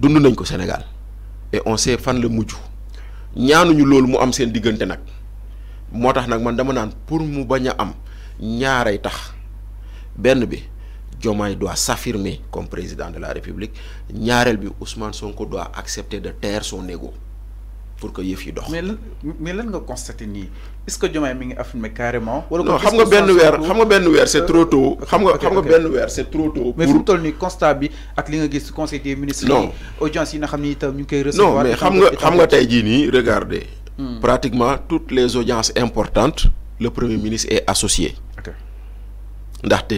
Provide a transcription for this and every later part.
Nous sommes au Sénégal et on sait fan la mujj ñaanuñu loolu mu am seen pour mu bañ am ñaaray tax benn bi doit s'affirmer comme président de la République bi Ousmane Sonko doit accepter de taire son égo pour que yëf yi dox. mais mais lan est ce que carrément. xam nga benn trop tôt. Euh, xam nga xam c'est trop tôt. mais vous constat bi ak audience yi ñu regardez. pratiquement toutes les audiences importantes le premier ministre est associé. rek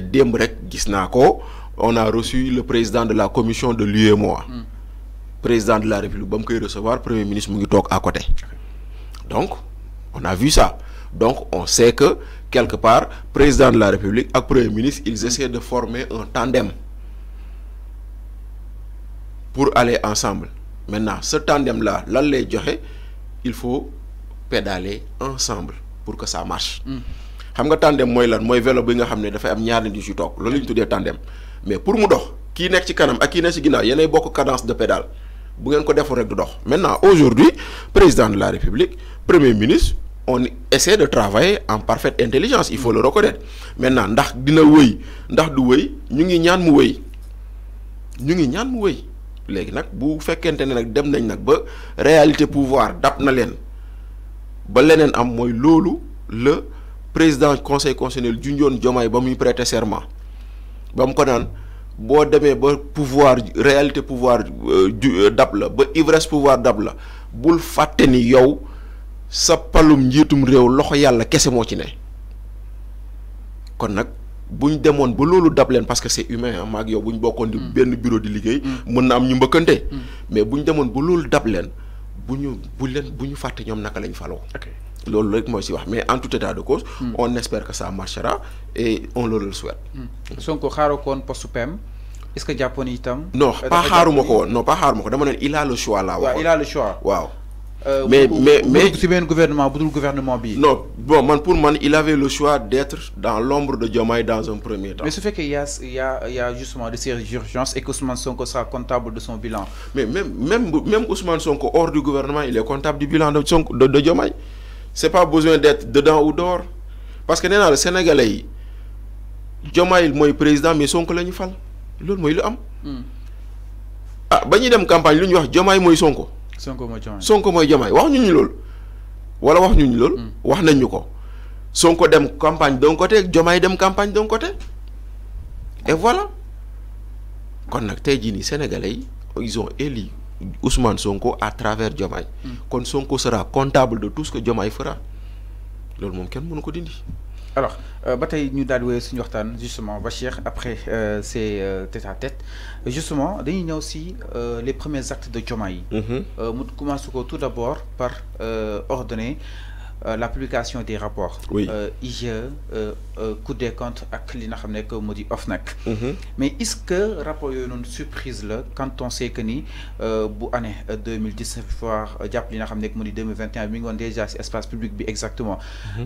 on a reçu le président de la commission de l'UEMOA. Hmm président de la République ba il koy recevoir premier ministre mu à côté donc on a vu ça donc on sait que quelque part président de la République et premier ministre ils essaient de former un tandem pour aller ensemble maintenant ce tandem là lan lay il faut pédaler ensemble pour que ça marche mm. xam nga tandem moy lan moy vélo bi nga xamné ne dafay am ñaar nit yu ci toog loolu tandem mais pour mu dox ki nekk ci kanam ak ki nekk ci ginnaaw yéenay bokk cadence de pédale bu ngeen ko deful rek du maintenant aujourd'hui président de la république premier ministre on essaie de travailler en parfaite intelligence il faut le reconnaître maintenant ndax dina wëy ndax du wëy ñu ngi ñaan mu wëy ñu ngi ñaan mu wëy légui nak bu fekkenté nak dem nañ nak ba réalité pouvoir dab na len ba leneen am moy lolu le président conseil constitutionnel juñjon jomay ba muy prêter serment bam ko naan boo demee ba pouvoir réalité pouvoir euh, euh, dab la ba ivresse pouvoir dab la bul fàtte yow sa palum njiitum rew loxo yalla kesse mo ci ne kon nak buñ demone ba lolou dab len parce que c'est humain ah hein, maag yow buñ bokkoon ben bureau di liguey mm. mën na am ñu mbëkkante mm. mais buñ demone ba lolou dab len bu ñu bu leen bu ñu fàtte naka lañ falo okay lolu rek moy si wax mais en tout état de cause. Hmm. on espère que ça marchera et on le souhaite. Hmm. Sonko xaaroo ko poste est-ce que jàppoon itam. non pas xarumako non pas xarumako dama il a le choix là. il a le choix waaw. Euh, mais mais mais gouvernement bu gouvernement bi. non bon man pour man il avait le choix d'être dans l'ombre de Diomaye dans un premier temps. mais fait qu'il y a y a il y a justement des ces urgences et que Ousmane Sonko sera comptable de son bilan. mais même même même Ousmane Sonko hors du gouvernement il est comptable du bilan de Sonko de Diomaye c'est pas besoin d'être dedans ou dehors parce que dans le sénégalais yi Diomaye président mais Sonko collègue ñu fal loolu mooy lu am. Hmm. ah ba ñuy dem campagne lu ñuy wax Diomaye mooy Sonko. Sonko moy Diomaye Sonko wax ñu lool wala wax ñu lool hmm. wax nañ ñu Sonko dem campagne d'un côté Diomaye dem campagne d'un côté et voilà kon nak sénégalais ils ont élu. Ousmane Sonko à travers Diomaye. Hmm. kon Sonko sera comptable de tout ce que Diomaye fera C'est ce kenn peut ko alors euh, bataille tey ñu daal di justement Bachir après euh, ces euh, tête à tête justement il y a aussi les premiers actes de Diomaye Nous mm-hmm. mu tout d'abord par ordonner. Euh, la publication des rapports oui. euh, IGE euh, euh coup des comptes ak li nga xam ne que mhm. mais est-ce que rapport est une surprise là, quand on sait que ni euh, bu année 2019 voire y li nga xam 2021 mi y a déjà cet espace public exactement mhm.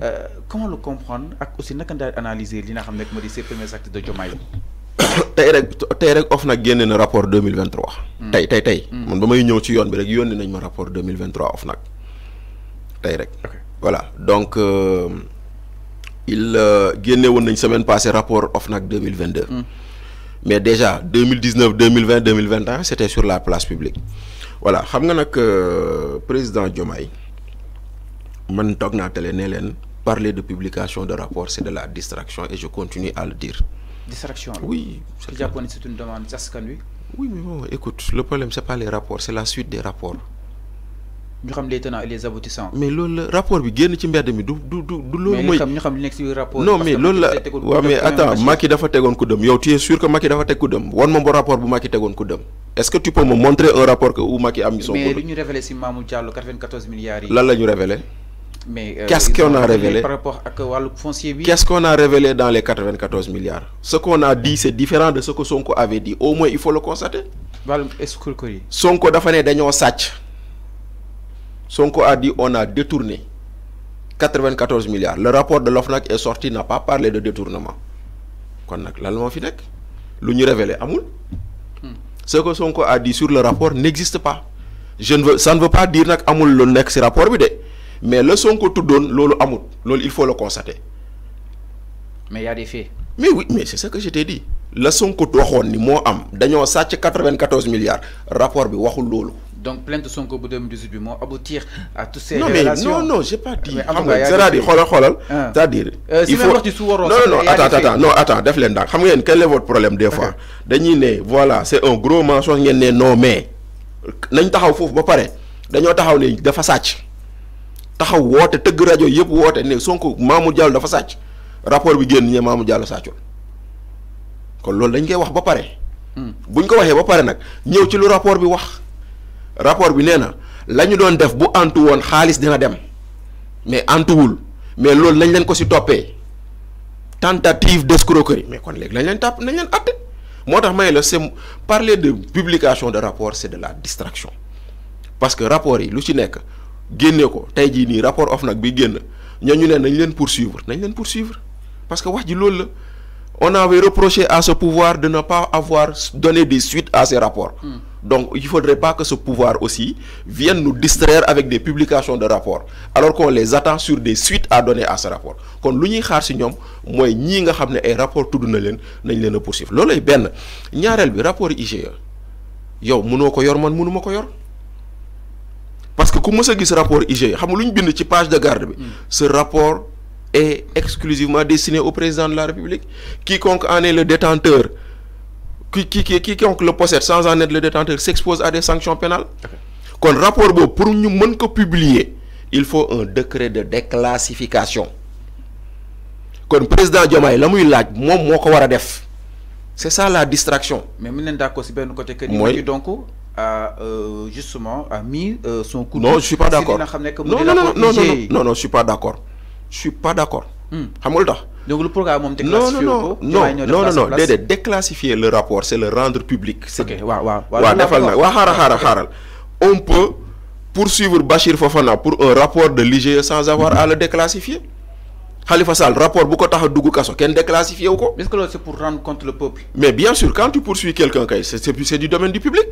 comment le comprendre et aussi comment analyser li nga xam ces premiers actes de Diomaye aujourd'hui rek tey rek OFNAC génne rapport 2023 aujourd'hui mm. tey tey mm. man ba may ci yoon bi rek rapport 2023 OFNAC tey voilà donc euh, il a une une semaine passée rapport OFNAC 2022 mm. mais déjà 2019 2020 2021 c'était sur la place publique voilà sais que le président Diomaye man parler de publication de rapports, c'est de la distraction et je continue à le dire distraction oui c'est une demande oui mais bon écoute le problème c'est pas les rapports c'est la suite des rapports nous xam les tenants et les aboutissants. mais le rapport bi génn ci mbedd du du du mais ñu xam rapport. non mais le, la waaw mais attends Macky dafa fait ku dem yow tu es sûr que Macky dafa teg ku dem wan ma ba rapport bu Macky tegoon ku dem est-ce que tu peux me montrer un rapport que ou Macky mis son mais nous ñu révélé ci Mamou Diallo 94 milliards yi. lan la ñu révélé. mais euh, qu'est-ce qu'on a révélé par rapport à Walou foncier qu'est-ce qu'on a révélé dans les 94 milliards. ce qu'on a dit c'est différent de ce que Sonko avait dit au moins il faut le constater. wàllum escroquerie. Sonko dafa ne dañoo sàcc Sonko a dit on a détourné 94 milliards. Le rapport de l'OFNAC est sorti, n'a pas parlé de détournement. Kon nak révélé amul. Hmm. Ce que Sonko a dit sur le rapport n'existe pas. ça ne veut pas dire que amul lu nekk rapport mais le Sonko que tu donnes il faut le constater. Mais il y a des faits. Mais oui, mais c'est ce que je t'ai dit. Le Sonko waxoon ni moo am ça sàcc 94 milliards rapport bi waxul donc plainte Sonko bu 2018 de aboutir à toutes ces révélations non mais non non j'ai pas dit c'est-à-dire ah. c'est-à-dire euh, il faut non non attends attends non attends def quel est votre problème des fois voilà c'est un gros mensonge est non mais taxaw fofu ba paré dañu taxaw né dafa taxaw teug radio yépp né Sonko mamou Diallo dafa rapport bi génn Diallo kon loolu dañ koy wax ba hmm. buñ ko waxé ba paré nag ñew ci lu rapport bi wax rapport bi nee lañu doon def bu antu won xaalis dina dem mais antuwul mais pas lañ leen ko si topé tentative d'escroquerie mais kon léegi lañ leen tap nañ leen atté motax je may la c'est parler de publication de rapport c'est de la distraction parce que rapport yi lu ci nek génne ko tay ji ni rapport nak bi génn ñooñu ne nañ leen poursuivre nañ leen poursuivre parce que wax ji on avait reproché à ce pouvoir de ne pas avoir donné des suites à ces rapports. Hmm. Donc il ne faudrait pas que ce pouvoir aussi vienne nous distraire avec des publications de rapports, alors qu'on les attend sur des suites à donner à ce rapport. Donc, ce qu'on xaar ci ñoom mooy ñii nga un ay rapport tudd ce qui nañ leen a poursuivre bi rapport IGE yow mënoo ko yor man mënuma parce que ku ce a ce rapport IGE xam nga page de garde mm. ce rapport est exclusivement destiné au président de la République quiconque en est le détenteur qui qui qui qui le possède sans en être le détenteur s'expose à des sanctions pénales. kon rapport boobu pour nous mën publier il faut un décret de déclassification kon président Diomaye la muy laaj moom moo ko def c'est ça la distraction. mais mën nañu d'accord si benn côté. que ni donc. a euh, justement a mis euh, son coup. Non, je suis pas d'accord. Non, non, non, non, non, non, non, je suis pas d'accord. Je suis pas d'accord. Hamolda. Hmm donc le programme déclassifié non non non non de déclassifier le rapport c'est le rendre public. ok waaw waaw on peut poursuivre Bachir Fofana pour un rapport de l'IGE sans avoir à le déclassifier Khalifa Sall rapport bu ko tax a dugg kaso kenn déclassifié ko. est-ce que c'est pour rendre compte le peuple. mais bien sûr quand tu poursuis quelqu'un c'est du domaine du public.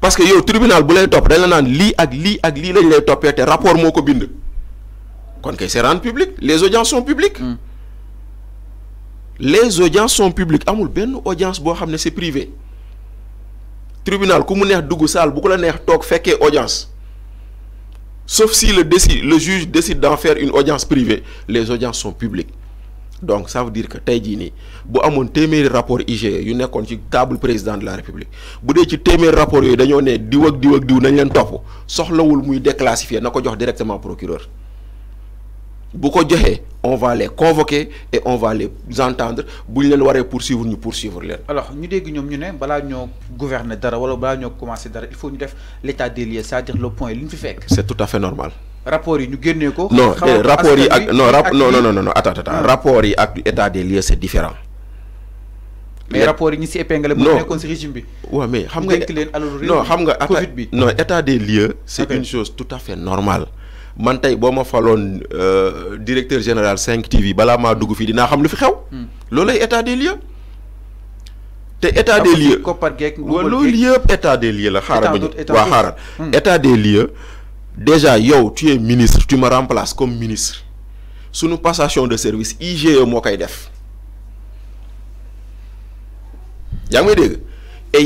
parce que yo, tribunal bu lay topp dañ la naan li ak li ak lii lañ lay toppee rapport Moko bind. Quand kay c'est rendu public les audiences sont publiques mm. les audiences sont publiques amul ben audience boo xam c'est privé tribunal ku mu neex dugg saal bu ko la neex toog fekkee audience sauf si le décide le juge décide d'en faire une audience privée les audiences sont publiques donc ça veut dire que tey jii nii bu amoon téeméeri rapport IGE yu nekkoon ci table président de la république bu dee ci téeméeri rapport yooyu dañoo ne diw ak diw ak diw nañ leen topp soxlawul muy déclassifier na ko jox directement procureur bu ko joxee on va les convoquer et on va les entendre bu ñu leen waree poursuivre ñu poursuivre leen. alors ñu dégg ñoom ñu ne balaa ñoo gouverner dara wala balaa ñoo commencer dara il faut ñu def l'état des lieux c'est-à-dire le point li ñu fi fekk. c'est tout à fait normal. rapport yi ñu génnee ko. non eh, rapport yi ak non non non non non attends attends ah. rapport yi ak état des lieux c'est différent. mais rapport yi ñu si épinglé. non bu nekkoon régime bi. waaw mais xam nga leen alalu non xam nga. Covid bi non état des lieux. c'est une chose tout à fait normale man tay ma euh, directeur général 5 TV hmm. état des lieux. té état des lieux hmm. des lieux la déjà tu es ministre tu me remplaces comme ministre nos passation de service IGE def y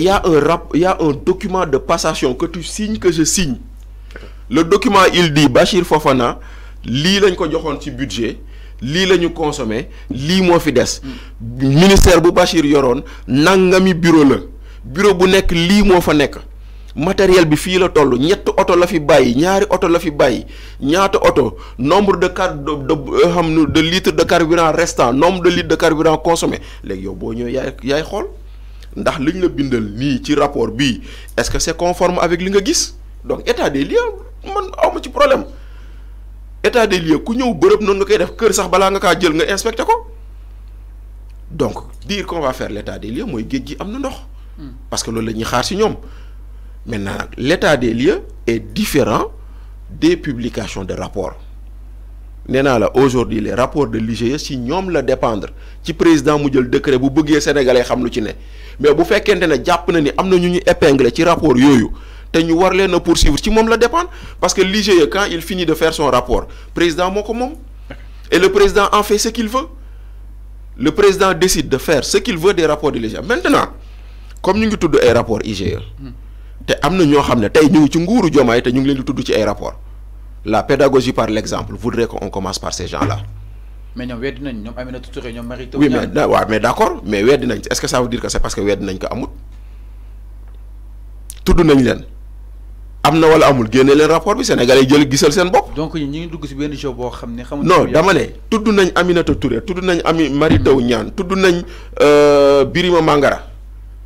a un y a un document de passation que tu signes que je signe le document il dit Bachir Fofana li lañ ko joxone ci budget li lañu consommer consommé mo fi dess ministère bu Bachir Yoron, nangami bureau la bureau bu nek li mo fa nek matériel bi fi la tollu ñett auto la fi bàyyi ñaari auto la fi bàyyi ñaata auto nombre de car de euh, xam de litre de carburant restant nombre de litres de carburant consommé les yow bo ñoy yaay yaay xool ndax liñ la bindal ni ci rapport bi est-ce que c'est conforme avec li nga gis donc état des lieux man aw ci problème état des lieux ku ñëw bërepp noonu nga koy def kër sax balaa nga jël nga inspecté ko donc dire qu'on va faire l'état des lieux mooy géej gi am ndox. Hmm. parce que loolu la ñuy xaar si ñoom. maintenant l'état des lieux est différent des publications de rapports nee aujourd'hui les rapports de l'IGE si ñoom la dépendre ci président mu jël décret bu bëggee sénégalais xam lu ci ne mais bu fekkente ne jàpp na ni am na ñu ñu épinglé ci rapport yooyu nous ñu war ne poursuivre ci me la parce que l'IGE quand il finit de faire son rapport président est comme et le président en fait ce qu'il veut le président décide de faire ce qu'il veut des rapports de l'IGE maintenant comme nous avons tous ay rapports, IGE te am rapport la pédagogie par l'exemple voudrait qu'on commence par ces gens-là mais oui mais d'accord mais est-ce que ça veut dire que c'est parce que est nañ ko amut Tout nañ am na wala amul génne leen rapport bi Sénégalais yi jël gisal seen bopp. donc ñu ngi dugg si benn show boo ne. xamuñu non dama ne tudd nañ Aminata Touré tudd nañ Ami Mary Teuw Niane tudd nañ euh, Birima Mangara.